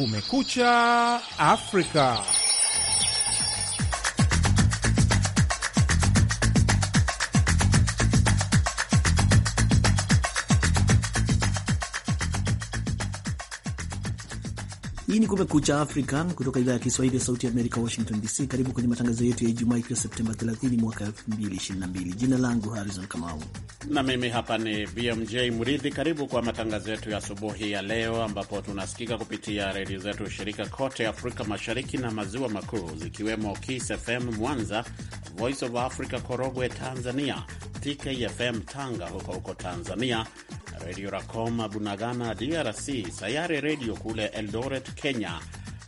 Kumekucha Afrika. Hii ni Kumekucha Afrika kutoka idhaa ya Kiswahili ya Sauti Amerika, Washington DC. Karibu kwenye matangazo yetu ya Ijumaa, ikiwa Septemba 30 mwaka 2022. Jina langu Harrison Kamau na mimi hapa ni BMJ Mridhi. Karibu kwa matangazo yetu ya asubuhi ya leo, ambapo tunasikika kupitia redio zetu shirika kote Afrika Mashariki na Maziwa Makuu, zikiwemo Kiss FM Mwanza, Voice of Africa Korogwe Tanzania, TKFM Tanga huko huko Tanzania, Redio Racoma Bunagana DRC, Sayare Redio kule Eldoret Kenya,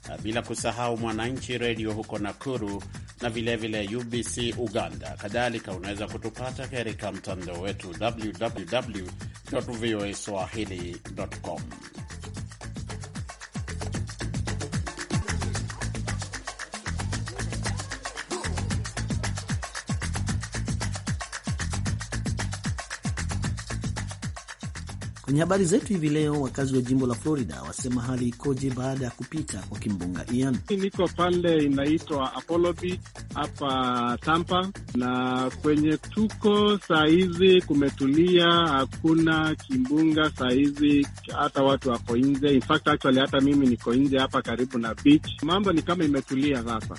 uh, bila kusahau Mwananchi Redio huko Nakuru na vilevile vile UBC Uganda. Kadhalika unaweza kutupata katika mtandao wetu www voa swahili.com. Kwenye habari zetu hivi leo, wakazi wa jimbo la Florida wasema hali ikoje baada ya kupita kwa kimbunga Ian. Niko pande inaitwa Apollo Beach hapa Tampa, na kwenye tuko saa hizi kumetulia, hakuna kimbunga saa hizi, hata watu wako nje. In fact actually hata mimi niko nje hapa karibu na beach, mambo ni kama imetulia sasa.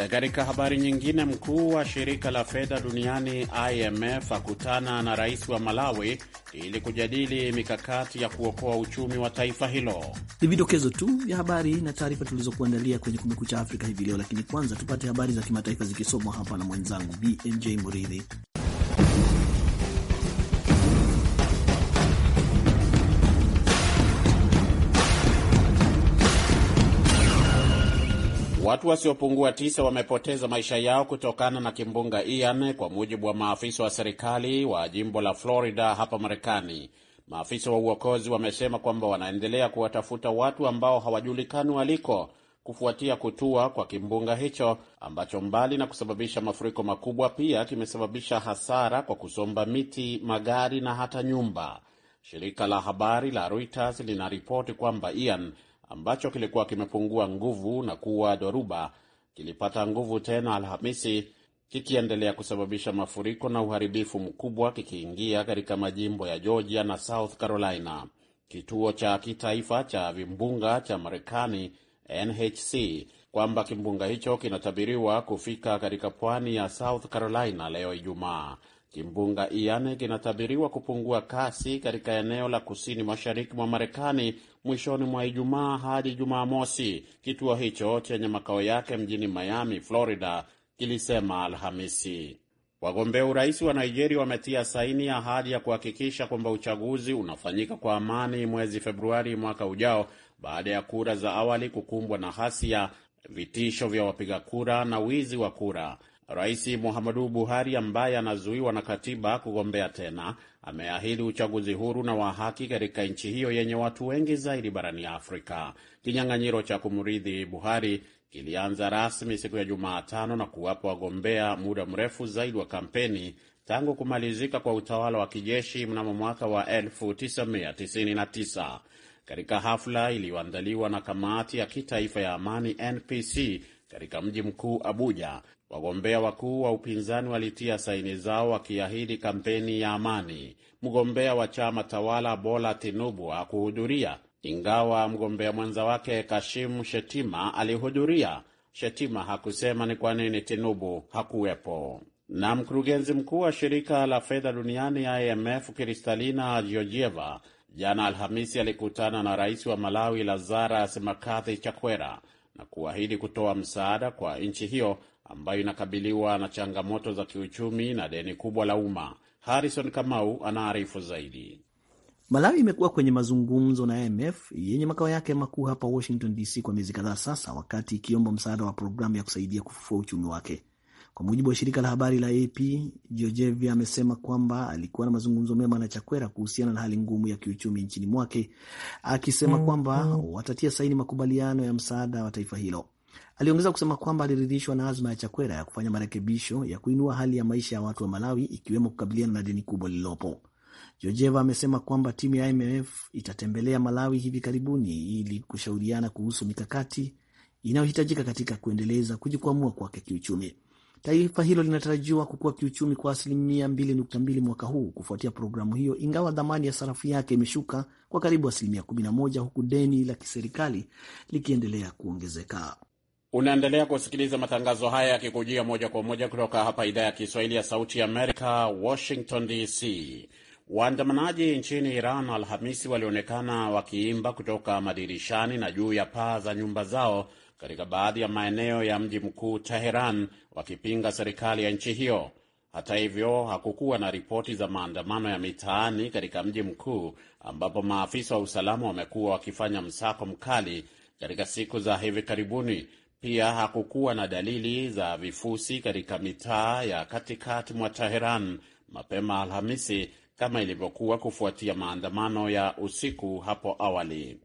Eh, katika habari nyingine, mkuu wa shirika la fedha duniani IMF akutana na rais wa Malawi ili kujadili mikakati ya kuokoa uchumi wa taifa hilo. Ni vidokezo tu vya habari na taarifa tulizokuandalia kwenye Kumekucha Afrika hivi leo, lakini kwanza tupate habari za kimataifa zikisomwa hapa na mwenzangu BMJ Muridhi. Watu wasiopungua tisa wamepoteza maisha yao kutokana na kimbunga Ian, kwa mujibu wa maafisa wa serikali wa jimbo la Florida hapa Marekani. Maafisa wa uokozi wamesema kwamba wanaendelea kuwatafuta watu ambao hawajulikani waliko kufuatia kutua kwa kimbunga hicho ambacho mbali na kusababisha mafuriko makubwa pia kimesababisha hasara kwa kusomba miti, magari na hata nyumba. Shirika la habari la Reuters linaripoti kwamba Ian ambacho kilikuwa kimepungua nguvu na kuwa dhoruba kilipata nguvu tena Alhamisi, kikiendelea kusababisha mafuriko na uharibifu mkubwa, kikiingia katika majimbo ya Georgia na South Carolina. Kituo cha kitaifa cha vimbunga cha Marekani NHC kwamba kimbunga hicho kinatabiriwa kufika katika pwani ya South Carolina leo Ijumaa. Kimbunga Ian kinatabiriwa kupungua kasi katika eneo la kusini mashariki mwa Marekani mwishoni mwa Ijumaa hadi Jumamosi, kituo hicho chenye makao yake mjini Miami, Florida, kilisema Alhamisi. Wagombea urais wa Nigeria wametia saini ahadi ya kuhakikisha kwamba uchaguzi unafanyika kwa amani mwezi Februari mwaka ujao baada ya kura za awali kukumbwa na hasia, vitisho vya wapiga kura na wizi wa kura. Rais Muhammadu Buhari ambaye anazuiwa na katiba kugombea tena ameahidi uchaguzi huru na wa haki katika nchi hiyo yenye watu wengi zaidi barani Afrika. Kinyang'anyiro cha kumrithi Buhari kilianza rasmi siku ya Jumatano na kuwapa wagombea muda mrefu zaidi wa kampeni tangu kumalizika kwa utawala wa kijeshi mnamo mwaka wa 1999. Katika hafla iliyoandaliwa na kamati ya kitaifa ya amani NPC katika mji mkuu Abuja, Wagombea wakuu wa upinzani walitia saini zao wakiahidi kampeni ya amani. Mgombea wa chama tawala Bola Tinubu hakuhudhuria, ingawa mgombea mwenza wake Kashim Shetima alihudhuria. Shetima hakusema ni kwa nini Tinubu hakuwepo. Na mkurugenzi mkuu wa shirika la fedha duniani IMF Kristalina Georgieva jana Alhamisi alikutana na rais wa Malawi Lazarus Makathi Chakwera na kuahidi kutoa msaada kwa nchi hiyo ambayo inakabiliwa na changamoto za kiuchumi na deni kubwa la umma. Harrison Kamau anaarifu zaidi. Malawi imekuwa kwenye mazungumzo na IMF yenye makao yake makuu hapa Washington DC kwa miezi kadhaa sasa, wakati ikiomba msaada wa programu ya kusaidia kufufua uchumi wake. Kwa mujibu wa shirika la habari la AP, Georgieva amesema kwamba alikuwa na mazungumzo mema na Chakwera kuhusiana na hali ngumu ya kiuchumi nchini mwake, akisema mm-hmm. kwamba watatia saini makubaliano ya msaada wa taifa hilo. Aliongeza kusema kwamba aliridhishwa na azma ya Chakwera ya kufanya marekebisho ya kuinua hali ya maisha ya watu wa Malawi, ikiwemo kukabiliana na deni kubwa lililopo. Georgieva amesema kwamba timu ya IMF itatembelea Malawi hivi karibuni ili kushauriana kuhusu mikakati inayohitajika katika kuendeleza kujikwamua kwake kiuchumi. Taifa hilo linatarajiwa kukua kiuchumi kwa asilimia 2.2 mwaka huu kufuatia programu hiyo, ingawa dhamani ya sarafu yake imeshuka kwa karibu asilimia 11, huku deni la kiserikali likiendelea kuongezeka. Unaendelea kusikiliza matangazo haya yakikujia moja kwa moja kutoka hapa idhaa ya Kiswahili ya Sauti ya Amerika, Washington DC. Waandamanaji nchini Iran Alhamisi walionekana wakiimba kutoka madirishani na juu ya paa za nyumba zao katika baadhi ya maeneo ya mji mkuu Teheran, wakipinga serikali ya nchi hiyo. Hata hivyo, hakukuwa na ripoti za maandamano ya mitaani katika mji mkuu ambapo maafisa wa usalama wamekuwa wakifanya msako mkali katika siku za hivi karibuni pia hakukuwa na dalili za vifusi katika mitaa ya katikati mwa Teheran mapema Alhamisi kama ilivyokuwa kufuatia maandamano ya usiku hapo awali.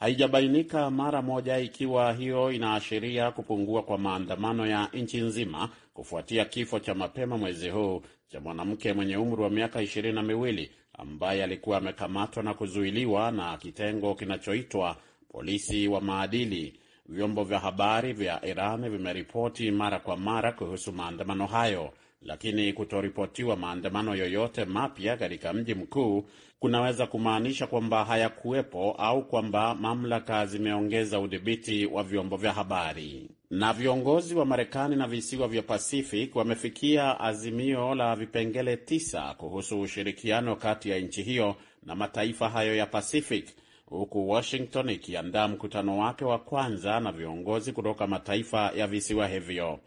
Haijabainika mara moja ikiwa hiyo inaashiria kupungua kwa maandamano ya nchi nzima kufuatia kifo cha mapema mwezi huu cha mwanamke mwenye umri wa miaka ishirini na miwili ambaye alikuwa amekamatwa na kuzuiliwa na kitengo kinachoitwa polisi wa maadili Vyombo vya habari vya Iran vimeripoti mara kwa mara kuhusu maandamano hayo, lakini kutoripotiwa maandamano yoyote mapya katika mji mkuu kunaweza kumaanisha kwamba hayakuwepo au kwamba mamlaka zimeongeza udhibiti wa vyombo vya habari. Na viongozi wa Marekani na visiwa vya Pacific wamefikia azimio la vipengele tisa kuhusu ushirikiano kati ya nchi hiyo na mataifa hayo ya Pacific huku Washington ikiandaa mkutano wake wa kwanza na viongozi kutoka mataifa ya visiwa hivyo.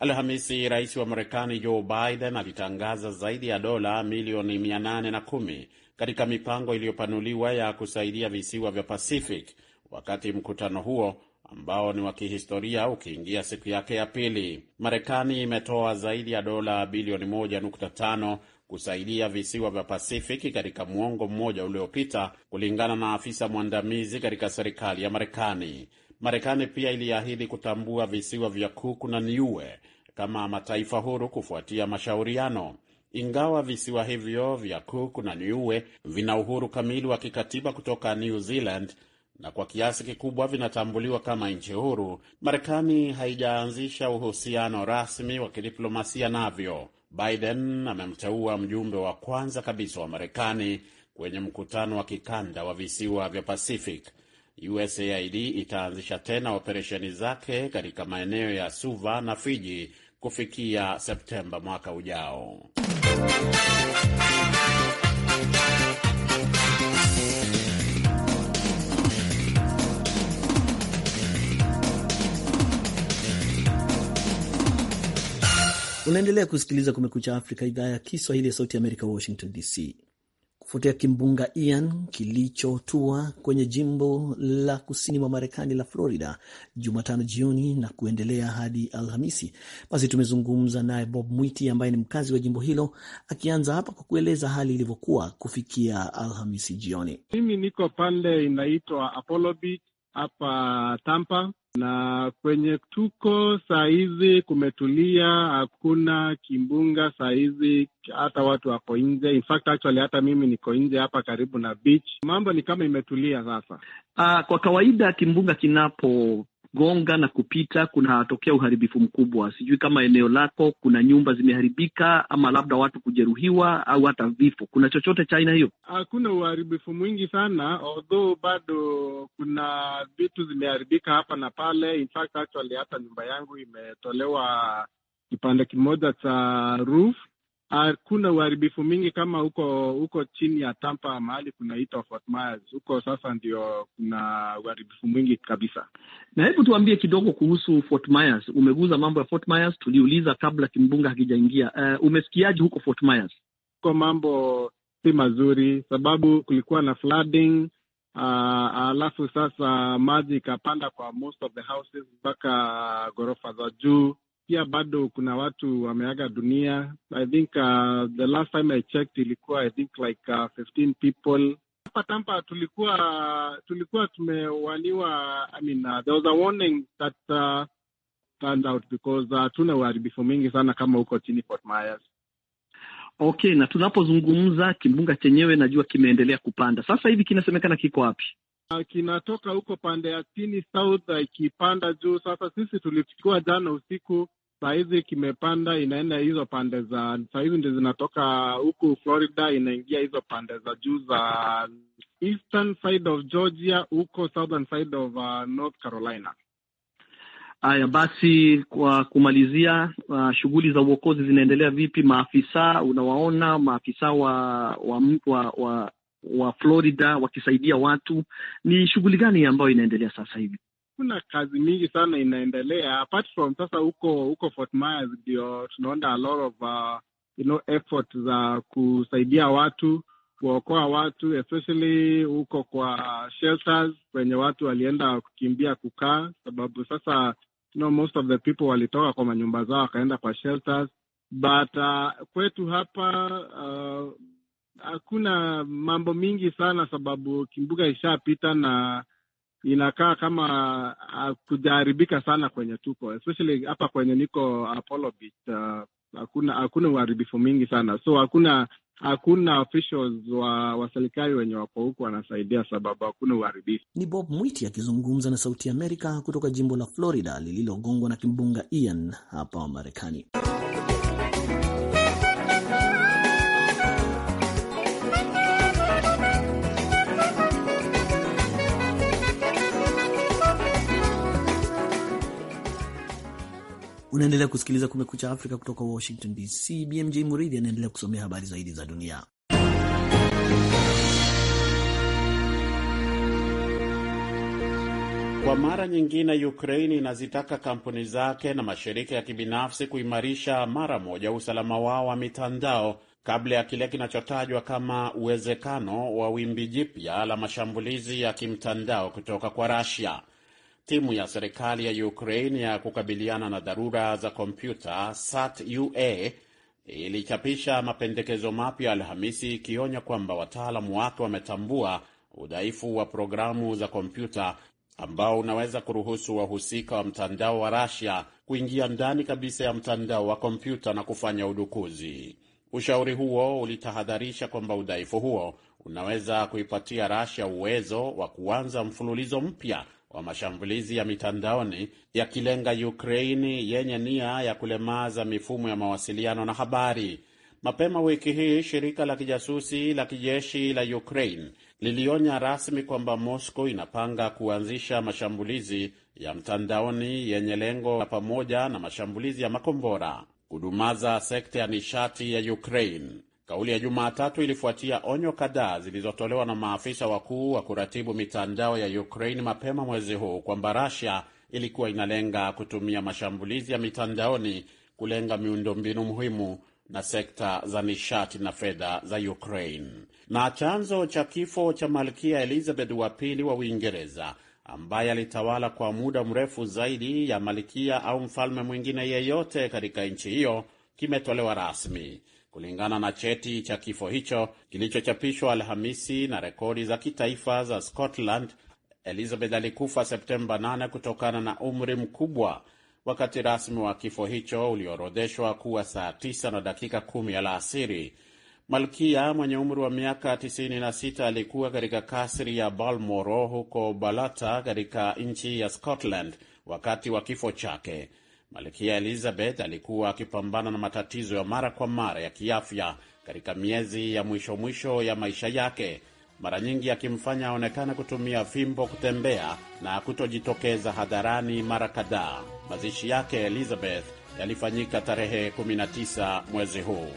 Alhamisi, rais wa Marekani Joe Biden alitangaza zaidi ya dola milioni 810 katika mipango iliyopanuliwa ya kusaidia visiwa vya Pacific, wakati mkutano huo ambao ni wa kihistoria ukiingia siku yake ya pili. Marekani imetoa zaidi ya dola bilioni 1.5 kusaidia visiwa vya Pasifiki katika muongo mmoja uliopita, kulingana na afisa mwandamizi katika serikali ya Marekani. Marekani pia iliahidi kutambua visiwa vya Cook na Niue kama mataifa huru kufuatia mashauriano. Ingawa visiwa hivyo vya Cook na Niue vina uhuru kamili wa kikatiba kutoka New Zealand na kwa kiasi kikubwa vinatambuliwa kama nchi huru, Marekani haijaanzisha uhusiano rasmi wa kidiplomasia navyo. Biden amemteua mjumbe wa kwanza kabisa wa Marekani kwenye mkutano wa kikanda wa visiwa vya Pacific. USAID itaanzisha tena operesheni zake katika maeneo ya Suva na Fiji kufikia Septemba mwaka ujao. Unaendelea kusikiliza Kumekucha Afrika, idhaa ya Kiswahili ya Sauti ya Amerika, Washington DC. Kufuatia kimbunga Ian kilichotua kwenye jimbo la kusini mwa Marekani la Florida Jumatano jioni na kuendelea hadi Alhamisi, basi tumezungumza naye Bob Mwiti ambaye ni mkazi wa jimbo hilo, akianza hapa kwa kueleza hali ilivyokuwa kufikia Alhamisi jioni. Mimi niko pande inaitwa Apollo Beach hapa Tampa, na kwenye tuko sahizi kumetulia, hakuna kimbunga sahizi, hata watu wako nje. In fact actually, hata mimi niko nje hapa karibu na beach, mambo ni kama imetulia sasa. Uh, kwa kawaida kimbunga kinapo gonga na kupita kunatokea uharibifu mkubwa. Sijui kama eneo lako kuna nyumba zimeharibika ama labda watu kujeruhiwa au hata vifo, kuna chochote cha aina hiyo? Hakuna uharibifu mwingi sana, although bado kuna vitu zimeharibika hapa na pale. In fact, actually hata nyumba yangu imetolewa kipande kimoja cha roof hakuna uharibifu mingi kama huko huko chini ya Tampa, mahali kunaitwa Fort Myers. Huko sasa ndio kuna uharibifu mwingi kabisa. Na hebu tuambie kidogo kuhusu Fort Myers. Umeguza mambo ya Fort Myers, tuliuliza kabla kimbunga hakijaingia. Uh, umesikiaje huko Fort Myers? Huko mambo si mazuri, sababu kulikuwa na flooding ah, alafu sasa maji ikapanda kwa most of the houses mpaka ghorofa za juu pia bado kuna watu wameaga dunia. I think uh, the last time I checked ilikuwa I think like uh, 15 people hapa Tampa tulikuwa tulikuwa tumewaniwa, I mean, uh, there was a warning that uh, turned out because uh, tuna uharibifu mingi sana kama huko chini Fort Myers. Okay, na tunapozungumza kimbunga chenyewe najua kimeendelea kupanda sasa hivi, kinasemekana kiko wapi? Uh, kinatoka huko pande ya chini south uh, ikipanda uh, juu. Sasa sisi tulifikiwa jana usiku sahizi kimepanda inaenda hizo pande za sahizi ndi zinatoka huku Florida inaingia hizo pande za juu za eastern side of Georgia huko southern side of uh, North Carolina. Haya basi, kwa kumalizia, uh, shughuli za uokozi zinaendelea vipi? Maafisa unawaona maafisa wa wa, wa, wa, wa Florida wakisaidia watu, ni shughuli gani ambayo inaendelea sasa hivi? hakuna kazi mingi sana inaendelea apart from sasa huko huko Fort Myers ndio tunaona a lot of uh, you know, effort za uh, kusaidia watu kuokoa watu especially huko kwa shelters kwenye watu walienda kukimbia kukaa, sababu sasa you know, most of the people walitoka kwa manyumba zao wakaenda kwa shelters, but uh, kwetu hapa uh, hakuna mambo mingi sana sababu kimbuga ishapita na inakaa kama ah, kujaharibika sana kwenye tuko especially hapa kwenye niko Apollo Beach, ah, hakuna uh, hakuna uharibifu mingi sana so hakuna hakuna officials wa, wa serikali wenye wako huku wanasaidia, sababu hakuna uharibifu. Ni Bob Mwiti akizungumza na Sauti Amerika kutoka jimbo la Florida lililogongwa na kimbunga Ian hapa Marekani. Unaendelea kusikiliza Kumekucha Afrika kutoka Washington DC. BMJ Muridhi anaendelea kusomea habari zaidi za dunia. Kwa mara nyingine Ukraini inazitaka kampuni zake na mashirika ya kibinafsi kuimarisha mara moja usalama wao wa mitandao kabla ya kile kinachotajwa kama uwezekano wa wimbi jipya la mashambulizi ya kimtandao kutoka kwa Russia timu ya serikali ya Ukraine ya kukabiliana na dharura za kompyuta SAT-UA ilichapisha mapendekezo mapya Alhamisi ikionya kwamba wataalamu wake wametambua udhaifu wa programu za kompyuta ambao unaweza kuruhusu wahusika wa mtandao wa Russia kuingia ndani kabisa ya mtandao wa kompyuta na kufanya udukuzi. Ushauri huo ulitahadharisha kwamba udhaifu huo unaweza kuipatia Russia uwezo wa kuanza mfululizo mpya wa mashambulizi ya mitandaoni yakilenga Ukraini yenye nia ya kulemaza mifumo ya mawasiliano na habari. Mapema wiki hii shirika la kijasusi la kijeshi la Ukraine lilionya rasmi kwamba Moscow inapanga kuanzisha mashambulizi ya mtandaoni yenye lengo la pamoja na mashambulizi ya makombora kudumaza sekta ya nishati ya Ukraine. Kauli ya Jumatatu ilifuatia onyo kadhaa zilizotolewa na maafisa wakuu wa kuratibu mitandao ya Ukraine mapema mwezi huu kwamba Russia ilikuwa inalenga kutumia mashambulizi ya mitandaoni kulenga miundombinu muhimu na sekta za nishati na fedha za Ukraine. Na chanzo cha kifo cha Malkia Elizabeth wa pili wa Uingereza ambaye alitawala kwa muda mrefu zaidi ya malkia au mfalme mwingine yeyote katika nchi hiyo kimetolewa rasmi kulingana na cheti cha kifo hicho kilichochapishwa Alhamisi na rekodi za kitaifa za Scotland. Elizabeth alikufa Septemba 8 kutokana na umri mkubwa. Wakati rasmi wa kifo hicho uliorodheshwa kuwa saa 9 na dakika 10 alasiri. Malkia mwenye umri wa miaka 96 alikuwa katika kasri ya balmoro huko Balata katika nchi ya Scotland wakati wa kifo chake. Malkia Elizabeth alikuwa akipambana na matatizo ya mara kwa mara ya kiafya katika miezi ya mwisho mwisho ya maisha yake, mara nyingi akimfanya aonekana kutumia fimbo kutembea na kutojitokeza hadharani mara kadhaa. Mazishi yake Elizabeth yalifanyika tarehe 19 mwezi huu.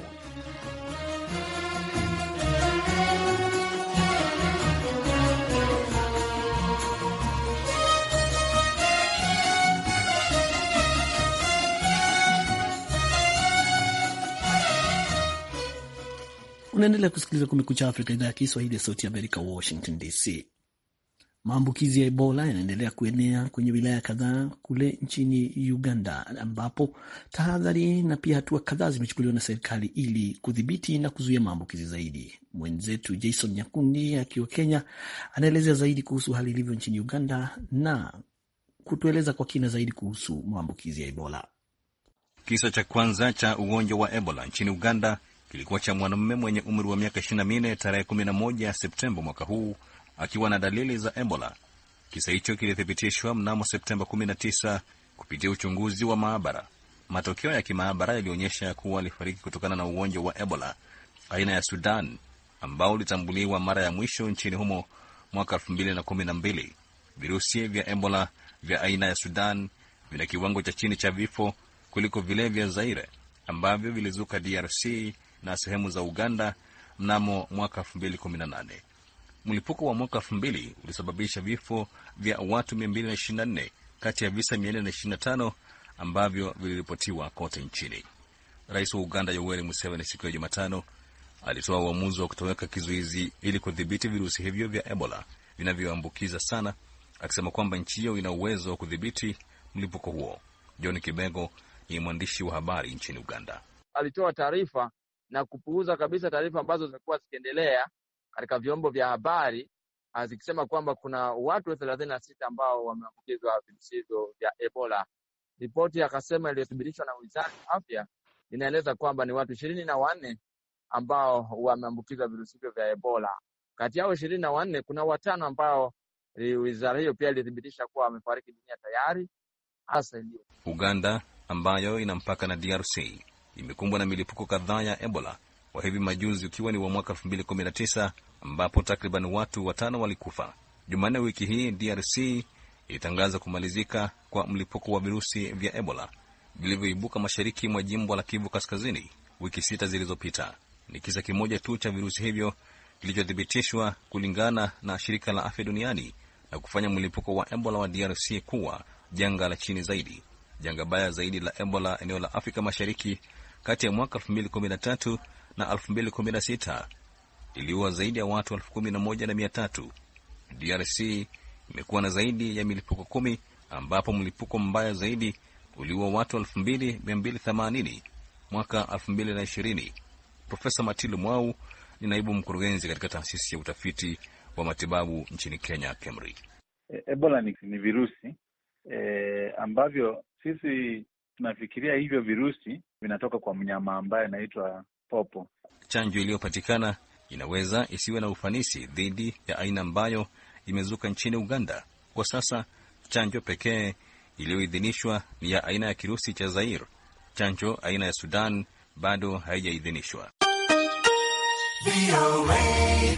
Unaendelea kusikiliza Kumekucha Afrika, idhaa ya Kiswahili ya Sauti Amerika, Washington DC. Maambukizi ya Ebola yanaendelea kuenea kwenye wilaya kadhaa kule nchini Uganda, ambapo tahadhari na pia hatua kadhaa zimechukuliwa na serikali ili kudhibiti na kuzuia maambukizi zaidi. Mwenzetu Jason Nyakundi akiwa Kenya anaelezea zaidi kuhusu hali ilivyo nchini Uganda na kutueleza kwa kina zaidi kuhusu maambukizi ya Ebola. Kisa cha kwanza cha ugonjwa wa Ebola nchini Uganda kilikuwa cha mwanamume mwenye umri wa miaka 24 tarehe 11 Septemba mwaka huu akiwa na dalili za Ebola. Kisa hicho kilithibitishwa mnamo Septemba 19 kupitia uchunguzi wa maabara. Matokeo ya kimaabara yalionyesha kuwa alifariki kutokana na ugonjwa wa Ebola aina ya Sudan ambao ulitambuliwa mara ya mwisho nchini humo mwaka 2012. Virusi vya Ebola vya aina ya Sudan vina kiwango cha chini cha vifo kuliko vile vya Zaire ambavyo vilizuka DRC na sehemu za Uganda mnamo mwaka 2018. Mlipuko wa mwaka 2000 ulisababisha vifo vya watu 224 kati ya visa 425 ambavyo viliripotiwa kote nchini. Rais wa Uganda Yoweri Museveni siku ya Jumatano alitoa uamuzi wa kutoweka kizuizi ili kudhibiti virusi hivyo vya Ebola vinavyoambukiza sana, akisema kwamba nchi hiyo ina uwezo wa kudhibiti mlipuko huo. John Kibego ni mwandishi wa habari nchini Uganda. Alitoa taarifa na kupuuza kabisa taarifa ambazo zimekuwa zikiendelea katika vyombo vya habari zikisema kwamba kuna watu thelathini na sita ambao wameambukizwa virusi hivyo vya Ebola. Ripoti akasema iliyothibitishwa na wizara ya afya inaeleza kwamba ni watu ishirini na wanne ambao wameambukizwa virusi hivyo vya Ebola. Kati yao ishirini na wanne kuna watano ambao wizara hiyo pia ilithibitisha kuwa wamefariki dunia tayari. Hasa Uganda ambayo ina mpaka na DRC imekumbwa na milipuko kadhaa ya Ebola wa hivi majuzi ukiwa ni wa mwaka 2019 ambapo takriban watu watano walikufa. Jumanne wiki hii DRC ilitangaza kumalizika kwa mlipuko wa virusi vya Ebola vilivyoibuka mashariki mwa jimbo la Kivu Kaskazini wiki sita zilizopita. Ni kisa kimoja tu cha virusi hivyo kilichothibitishwa kulingana na shirika la afya duniani na kufanya mlipuko wa Ebola wa DRC kuwa janga la chini zaidi. Janga baya zaidi la Ebola eneo la Afrika Mashariki kati ya mwaka 2013 na 2016 iliua zaidi ya watu 11,300. DRC imekuwa na zaidi ya milipuko kumi ambapo mlipuko mbaya zaidi uliua watu 2280 mwaka 2020. Profesa Matilu Mwau ni naibu mkurugenzi katika taasisi ya utafiti wa matibabu nchini Kenya, KEMRI. Ebola e, ni, ni virusi e, ambavyo sisi tunafikiria hivyo virusi vinatoka kwa mnyama ambaye anaitwa popo. Chanjo iliyopatikana inaweza isiwe na ufanisi dhidi ya aina ambayo imezuka nchini Uganda. Kwa sasa chanjo pekee iliyoidhinishwa ni ya aina ya kirusi cha Zair. Chanjo aina ya Sudan bado haijaidhinishwa.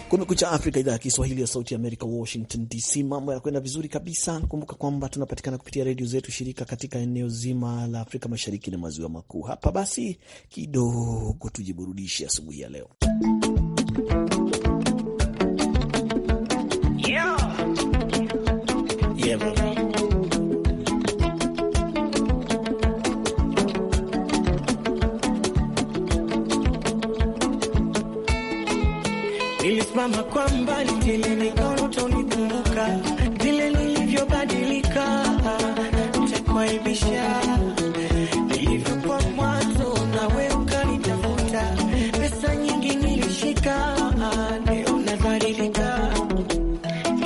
Kumekucha Afrika, idhaa ya Kiswahili ya Sauti ya Amerika, Washington DC. Mambo yanakwenda vizuri kabisa. Kumbuka kwamba tunapatikana kupitia redio zetu shirika katika eneo zima la Afrika Mashariki na Maziwa Makuu. Hapa basi kidogo tujiburudishe asubuhi ya leo. kusimama kwa mbali, vile nikaona utanikumbuka, vile nilivyobadilika nitakuaibisha, nilivyokuwa mwanzo nawe ukanitafuta, pesa nyingi nilishika, leo nadhalilika,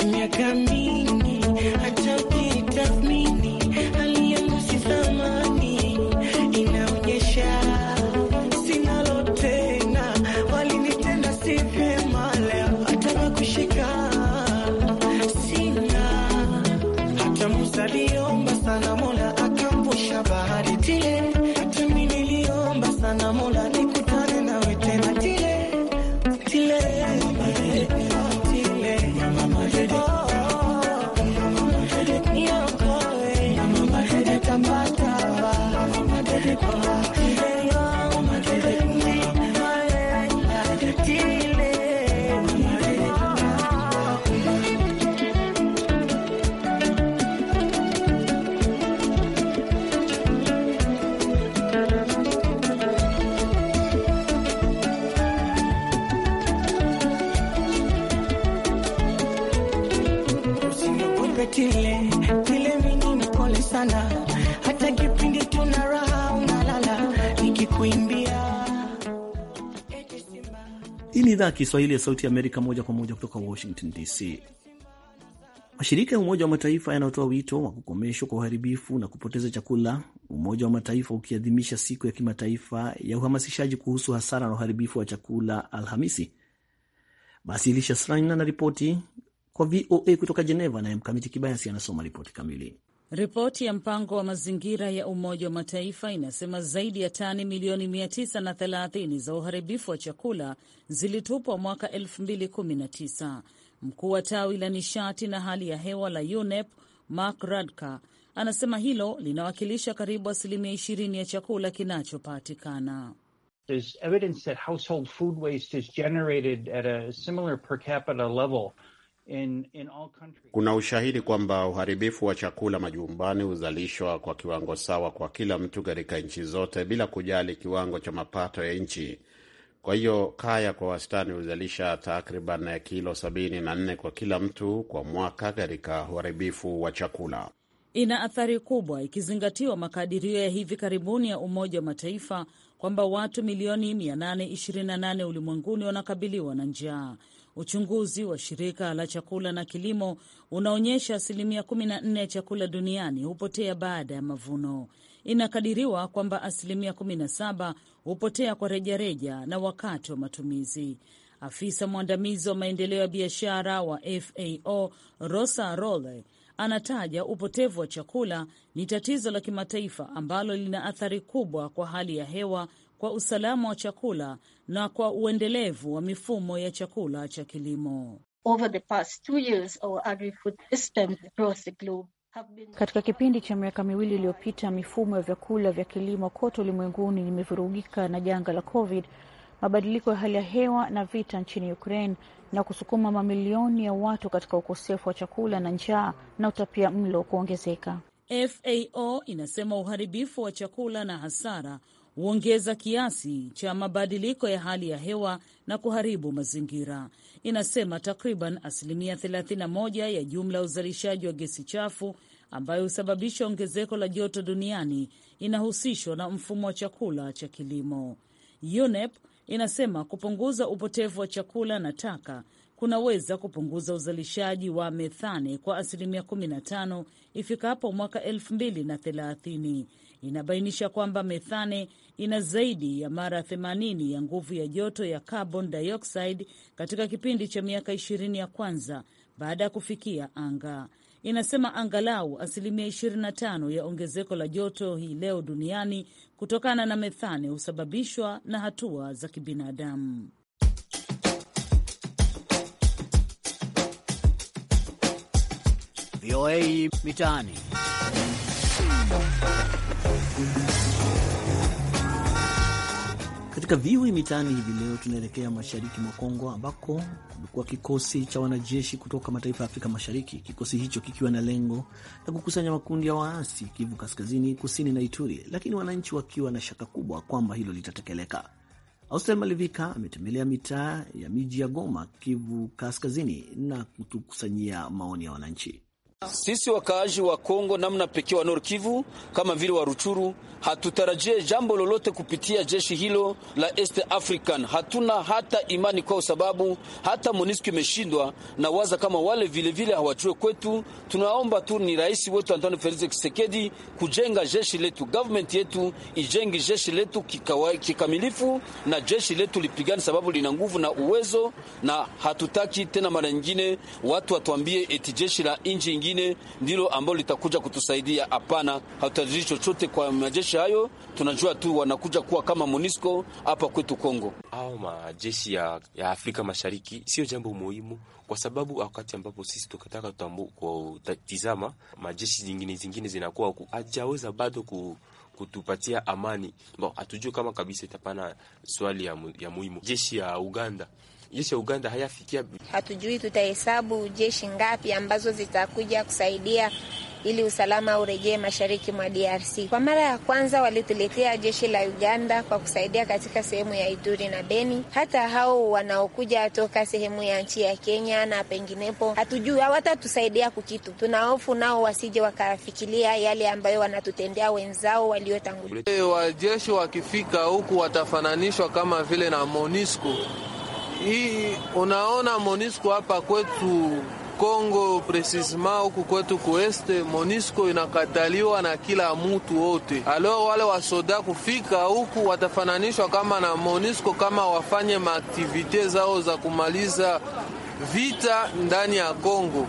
miaka mingi hata ukitathmini hali yangu si thamani, inaonyesha sinalo tena, walinitenda sivyo Hii ni idhaa ya Kiswahili ya Sauti ya Amerika, moja kwa moja kutoka Washington DC. Mashirika ya Umoja wa Mataifa yanayotoa wito wa kukomeshwa kwa uharibifu na kupoteza chakula, Umoja wa Mataifa ukiadhimisha siku ya kimataifa ya uhamasishaji kuhusu hasara na uharibifu wa chakula Alhamisi. Basi Elisha Srain anaripoti kwa VOA kutoka Geneva, naye Mkamiti Kibayasi anasoma ripoti kamili. Ripoti ya mpango wa mazingira ya Umoja wa Mataifa inasema zaidi ya tani milioni 930 za uharibifu wa chakula zilitupwa mwaka 2019. Mkuu wa tawi la nishati na hali ya hewa la UNEP Mark Radka anasema hilo linawakilisha karibu asilimia 20 ya chakula kinachopatikana. There's evidence that household food waste is generated at a similar per capita level kuna ushahidi kwamba uharibifu wa chakula majumbani huzalishwa kwa kiwango sawa kwa kila mtu katika nchi zote bila kujali kiwango cha mapato ya nchi. Kwa hiyo kaya kwa wastani huzalisha takriban kilo 74 kwa kila mtu kwa mwaka katika uharibifu wa chakula. Ina athari kubwa ikizingatiwa makadirio ya hivi karibuni ya Umoja wa Mataifa kwamba watu milioni 828 ulimwenguni wanakabiliwa na njaa. Uchunguzi wa shirika la chakula na kilimo unaonyesha asilimia 14 ya chakula duniani hupotea baada ya mavuno. Inakadiriwa kwamba asilimia 17 hupotea kwa rejareja na wakati wa matumizi. Afisa mwandamizi wa maendeleo ya biashara wa FAO Rosa Role anataja upotevu wa chakula ni tatizo la kimataifa ambalo lina athari kubwa kwa hali ya hewa, kwa usalama wa chakula na kwa uendelevu wa mifumo ya chakula cha kilimo. Katika kipindi cha miaka miwili iliyopita, mifumo ya vyakula vya kilimo kote ulimwenguni imevurugika na janga la COVID, mabadiliko ya hali ya hewa na vita nchini Ukraine, na kusukuma mamilioni ya watu katika ukosefu wa chakula na njaa na utapia mlo kuongezeka. FAO inasema uharibifu wa chakula na hasara huongeza kiasi cha mabadiliko ya hali ya hewa na kuharibu mazingira. Inasema takriban asilimia 31 ya jumla ya uzalishaji wa gesi chafu ambayo husababisha ongezeko la joto duniani inahusishwa na mfumo wa chakula cha kilimo. UNEP inasema kupunguza upotevu wa chakula na taka kunaweza kupunguza uzalishaji wa methane kwa asilimia 15 ifikapo mwaka 2030 inabainisha kwamba methane ina zaidi ya mara 80 ya nguvu ya joto ya carbon dioxide katika kipindi cha miaka 20 ya kwanza baada ya kufikia anga. Inasema angalau asilimia 25 ya ongezeko la joto hii leo duniani kutokana na methane husababishwa na hatua za kibinadamu. VOA Mitaani. Katika viwi mitaani hivi leo, tunaelekea mashariki mwa Kongo ambako kumekuwa kikosi cha wanajeshi kutoka mataifa ya Afrika Mashariki, kikosi hicho kikiwa na lengo la kukusanya makundi ya waasi Kivu Kaskazini, Kusini na Ituri, lakini wananchi wakiwa na shaka kubwa kwamba hilo litatekeleka. Austel Malivika ametembelea mitaa ya miji ya Goma, Kivu Kaskazini, na kutukusanyia maoni ya wananchi. Sisi wakaaji wa Kongo namna pekee wa Nord Kivu kama vile wa Ruchuru, hatutarajie jambo lolote kupitia jeshi hilo la East African. Hatuna hata imani kwao, sababu hata MONUSCO imeshindwa na waza kama wale vilevile hawajue kwetu. Tunaomba tu ni rais wetu Antoine Felix Tshisekedi kujenga jeshi letu, government yetu ijenge jeshi letu kikawa, kikamilifu na jeshi letu lipigane, sababu lina nguvu na uwezo, na hatutaki tena mara nyingine watu watuambie eti jeshi la nchi lingine ndilo ambalo litakuja kutusaidia. Hapana, hatutajiri chochote kwa majeshi hayo. Tunajua tu wanakuja kuwa kama MONUSCO hapa kwetu Kongo. Au majeshi ya, ya Afrika Mashariki sio jambo muhimu, kwa sababu wakati ambapo sisi tukataka kutizama majeshi zingine zingine zinakuwa hajaweza bado ku kutupatia amani. Hatujui kama kabisa itapana swali ya, mu, ya muhimu. Jeshi ya Uganda jeshi ya Uganda hayafikia. Hatujui tutahesabu jeshi ngapi ambazo zitakuja kusaidia ili usalama urejee mashariki mwa DRC. Kwa mara ya kwanza walituletea jeshi la Uganda kwa kusaidia katika sehemu ya Ituri na Beni. Hata hao wanaokuja toka sehemu ya nchi ya Kenya na penginepo, hatujui hawatatusaidia kukitu. Tunahofu nao wasije wakafikilia yale ambayo wanatutendea wenzao waliotangulia. Wajeshi wakifika huku watafananishwa kama vile na MONUSCO hii unaona Monisco hapa kwetu Kongo presisma huku kwetu kueste, Monisco inakataliwa na kila mutu wote. Alo, wale wasoda kufika huku watafananishwa kama na Monisco kama wafanye maaktivite zao za kumaliza vita ndani ya Kongo.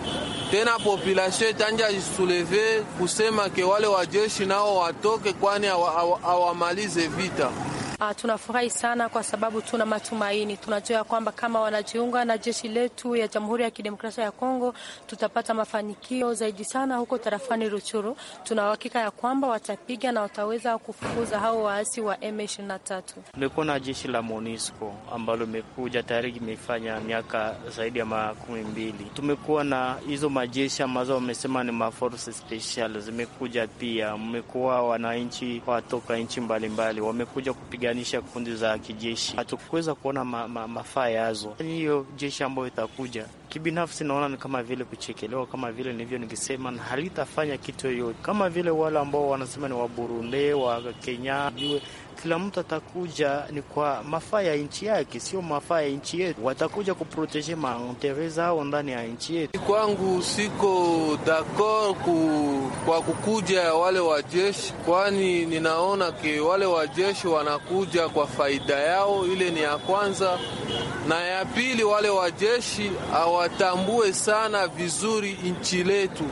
Tena population itanja jisuleve kusema ke wale wajeshi nao watoke, kwani awamalize awa, awa, vita Uh, tunafurahi sana kwa sababu tuna matumaini, tunajua ya kwamba kama wanajiunga na jeshi letu ya Jamhuri ya Kidemokrasia ya Kongo tutapata mafanikio zaidi sana huko tarafani Ruchuru. uhakika ya kwamba watapiga na wataweza kufukuza hao waasi wa M23. Tumekuwa na jeshi la MONUSCO ambalo imekuja tayari imefanya miaka zaidi ya makumi mbili. Tumekuwa na hizo majeshi ambazo wamesema ni maforce special zimekuja pia, mmekuwa wananchi watoka nchi mbalimbali wamekuja kupiga kupiganisha kundi za kijeshi, hatukuweza kuona ma, ma, mafaa yazo. Hiyo jeshi ambayo itakuja kibinafsi naona ni kama vile kuchekelewa, kama vile nilivyo nikisema, na halitafanya kitu yoyote, kama vile wale ambao wanasema ni Waburunde wa Kenya jue kila mtu atakuja ni kwa mafaa ya nchi yake, sio mafaa ya nchi yetu. Watakuja kuproteje maentere zao ndani ya nchi yetu. Kwangu siko dakor ku, kwa kukuja wale wajeshi, kwani ninaona ke wale wajeshi wanakuja kwa faida yao, ile ni ya kwanza na ya pili, wale wajeshi hawatambue sana vizuri nchi letu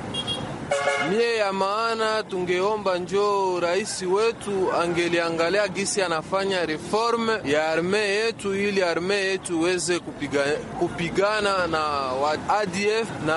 mie ya maana, tungeomba njo rais wetu angeliangalia gisi anafanya reforme ya arme yetu, ili arme yetu iweze kupigana, kupigana na wa ADF na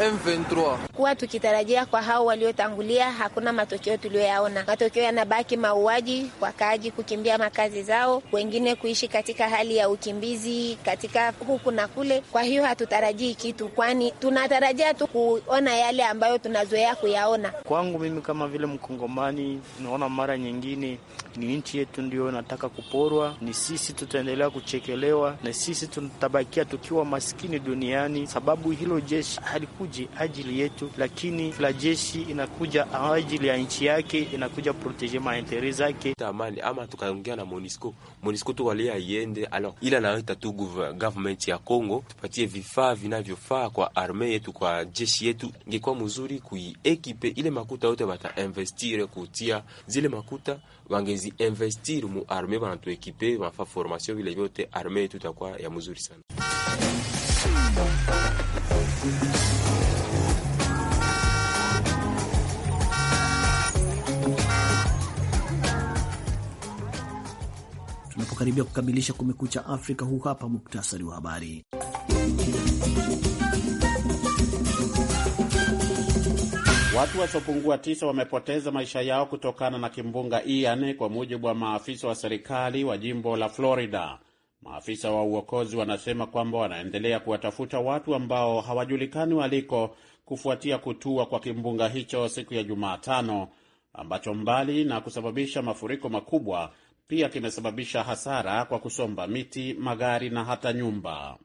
M23. Kuwa tukitarajia kwa hao waliotangulia, hakuna matokeo tuliyoyaona. Matokeo yanabaki mauaji, wakaaji kukimbia makazi zao, wengine kuishi katika hali ya ukimbizi katika huku na kule. Kwa hiyo hatutarajii kitu, kwani tunatarajia tu kuona yale ambayo tunazoea kuyaona. Kwangu mimi kama vile Mkongomani, naona mara nyingine ni nchi yetu ndio nataka kuporwa, ni sisi tutaendelea kuchekelewa, na sisi tutabakia tukiwa maskini duniani, sababu hilo jeshi halikuji ajili yetu, lakini la jeshi inakuja ajili ya nchi yake, inakuja proteje maintere zake tamani, ama tukaongea na Monisco, Monisco tu wale aiende alo, ila naita tu government ya Congo tupatie vifaa vinavyofaa kwa arme yetu, kwa jeshi yetu, ingekuwa mzuri vizuri kuiekipe ile makuta yote batainvestire kutia zile makuta investir mu arme banatuekipe banafa formation vile vyote, arme yetu itakuwa ya mzuri sana. Tunapokaribia kukamilisha Kumekucha Afrika, huu hapa muktasari wa habari. Watu wasiopungua tisa wamepoteza maisha yao kutokana na kimbunga Ian, e kwa mujibu wa maafisa wa serikali wa jimbo la Florida. Maafisa wa uokozi wanasema kwamba wanaendelea kuwatafuta watu ambao hawajulikani waliko kufuatia kutua kwa kimbunga hicho siku ya Jumatano, ambacho mbali na kusababisha mafuriko makubwa pia kimesababisha hasara kwa kusomba miti, magari na hata nyumba.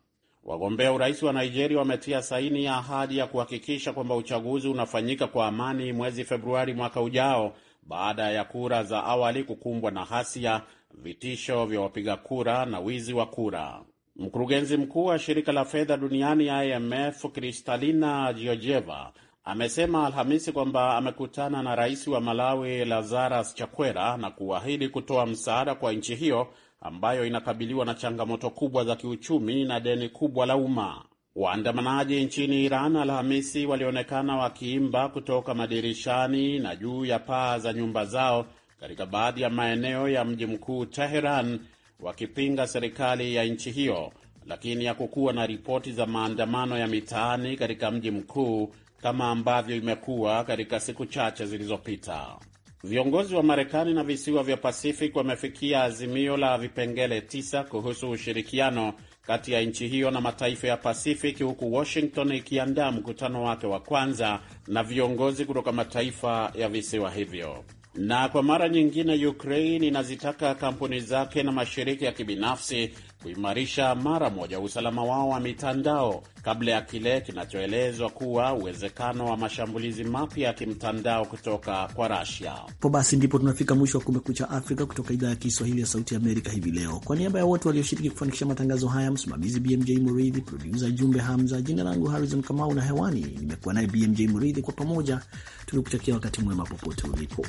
Wagombea urais wa Nigeria wametia saini ya ahadi ya kuhakikisha kwamba uchaguzi unafanyika kwa amani mwezi Februari mwaka ujao baada ya kura za awali kukumbwa na hasia, vitisho vya wapiga kura na wizi wa kura. Mkurugenzi mkuu wa shirika la fedha duniani IMF Kristalina Georgieva amesema Alhamisi kwamba amekutana na rais wa Malawi Lazarus Chakwera na kuahidi kutoa msaada kwa nchi hiyo ambayo inakabiliwa na changamoto kubwa za kiuchumi na deni kubwa la umma. Waandamanaji nchini Iran Alhamisi walionekana wakiimba kutoka madirishani na juu ya paa za nyumba zao katika baadhi ya maeneo ya mji mkuu Teheran, wakipinga serikali ya nchi hiyo, lakini hakukuwa na ripoti za maandamano ya mitaani katika mji mkuu kama ambavyo imekuwa katika siku chache zilizopita. Viongozi wa Marekani na visiwa vya Pacific wamefikia azimio la vipengele tisa kuhusu ushirikiano kati ya nchi hiyo na mataifa ya Pacific, huku Washington ikiandaa mkutano wake wa kwanza na viongozi kutoka mataifa ya visiwa hivyo. Na kwa mara nyingine, Ukraine inazitaka kampuni zake na mashirika ya kibinafsi kuimarisha mara moja usalama wao wa mitandao kabla ya kile kinachoelezwa kuwa uwezekano wa mashambulizi mapya ya kimtandao kutoka kwa Russia. Po basi ndipo tunafika mwisho wa Kumekucha Afrika kutoka idhaa ya Kiswahili ya Sauti Amerika hivi leo. Kwa niaba ya wote walioshiriki kufanikisha matangazo haya, msimamizi BMJ Muridhi, produsa Jumbe Hamza, jina langu Harrison Kamau na hewani nimekuwa naye BMJ Muridhi, kwa pamoja tulikutakia wakati mwema popote ulipo.